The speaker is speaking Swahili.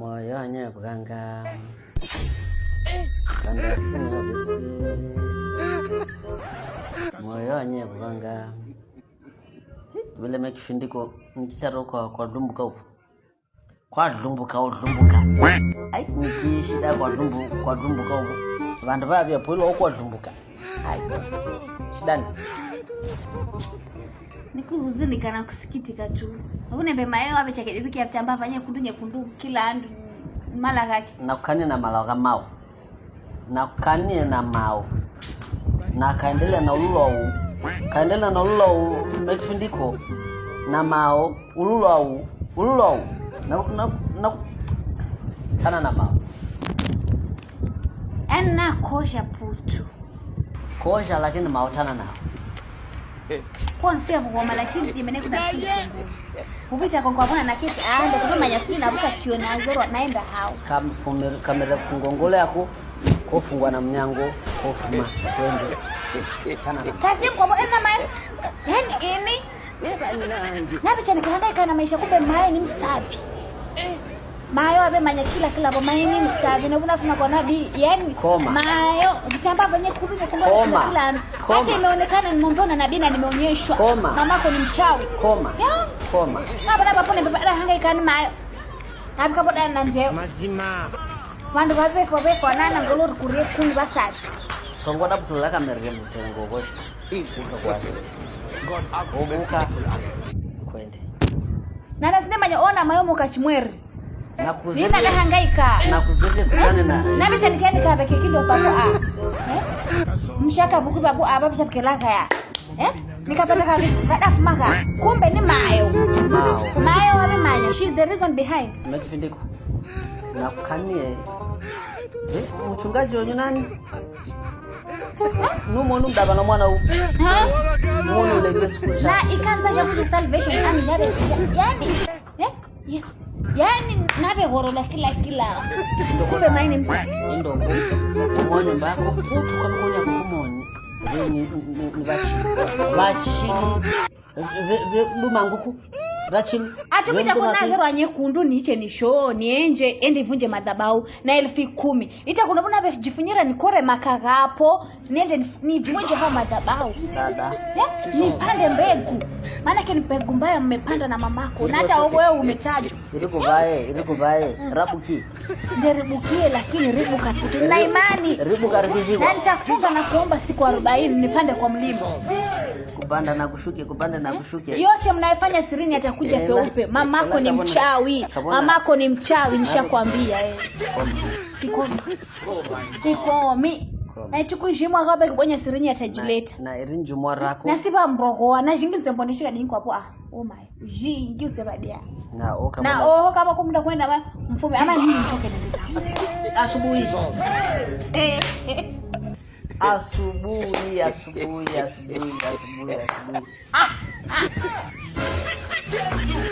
moyonye bwanga kandafuna bisi moyonye bwanga vileme kifindiko kwa kwadlumbuka upo kwadlumbuka udlumbuka ai nikishida kwadlumbuka upo vandu vavyapoilwa ukwadlumbuka ai shidani nikuhuzunika kana kusikitika tu une bema yeo ape chake ya afchamba afanye kundu nyekundu kila andu mala kake nakukanie na mala kamao nakukanie na mao na kaendelea na ululou kaendelea na ululou mekifindiko na mao Ululo ululou na, na, na, kana na mao Ena nakosha putu kosha lakini maotana nao konfia kukoma lakini imeneko na sisi kupita kwa kwa bwana na kesi aende kwa manyasi na buka kiona zero naenda hao kamfumir kamera fungo ngole yako kofungwa na mnyango kofuma twende kasim kwa mwana mai yani ini nabicha nikahangaika na maisha kube mae ni msafi mayo manya kila kilabo maini msavi nabunafuna kwana nabi yani mayo vitambaa venye kuvinye kumbona kila anu hata imeonekana nimeondoa nabi na nimeonyeshwa mamako ni mchawi koma ya koma nabana bapone bapara hangaikani mayo nabikaboda na njeo mazima vandu vavefo vefo anana ngolori kurie kuni vasati songo dabutululaka merire mutengo kwesho ikudlo kwasho obuka kwende nana sinemanya ona mayo mukachimweri Nina nahangaika. Na kuzete kutane na. Na bicha nikeni ka beke kido a. Eh? Mshaka buku babu a babu shapkela kaya. Eh? Nikapata ka baada fumaka. Kumbe ni mayo. Mayo wale manya. She's the reason behind. Umetufindiko. Na kanie. Eh, mchungaji wanyu nani? Eh? Numo nu mwana huu. Mwana ulege school. Na salvation. Yani. Eh? Yes. Yaani nabe kila kila. Kumbe maini msanii ndo nyekundu niche ni show nienje endi vunje madhabahu na elfu kumi. Ita kuna buna bejifunyira nikore makagapo niende nivunje hao madhabahu. Nipande mbegu maana yake ni mbegu mbaya mmepanda na mamako, na hata wewe umetajwa irikuvae irikuvae rabuki nderibukie, lakini ribuka na imani ribuka rikishika, na nitafunga na kuomba siku 40 nipande kwa mlima kupanda na kushuke, kupanda na kushuke. Yote mnayofanya sirini atakuja eh, peupe. Mamako ni mchawi, mamako ni mchawi, nishakwambia eh. kikomi, kikomi naichikuizhi eh, mwaka wabekibonya sirinyi yatajileta nairinji mwarako nasivambrogoa nazhingize mboneshika na oho oh, kama oh, kumda kwenda mfume ama nini asubuhi asubuhi asubuhi asubuhi asubuhi ah, ah.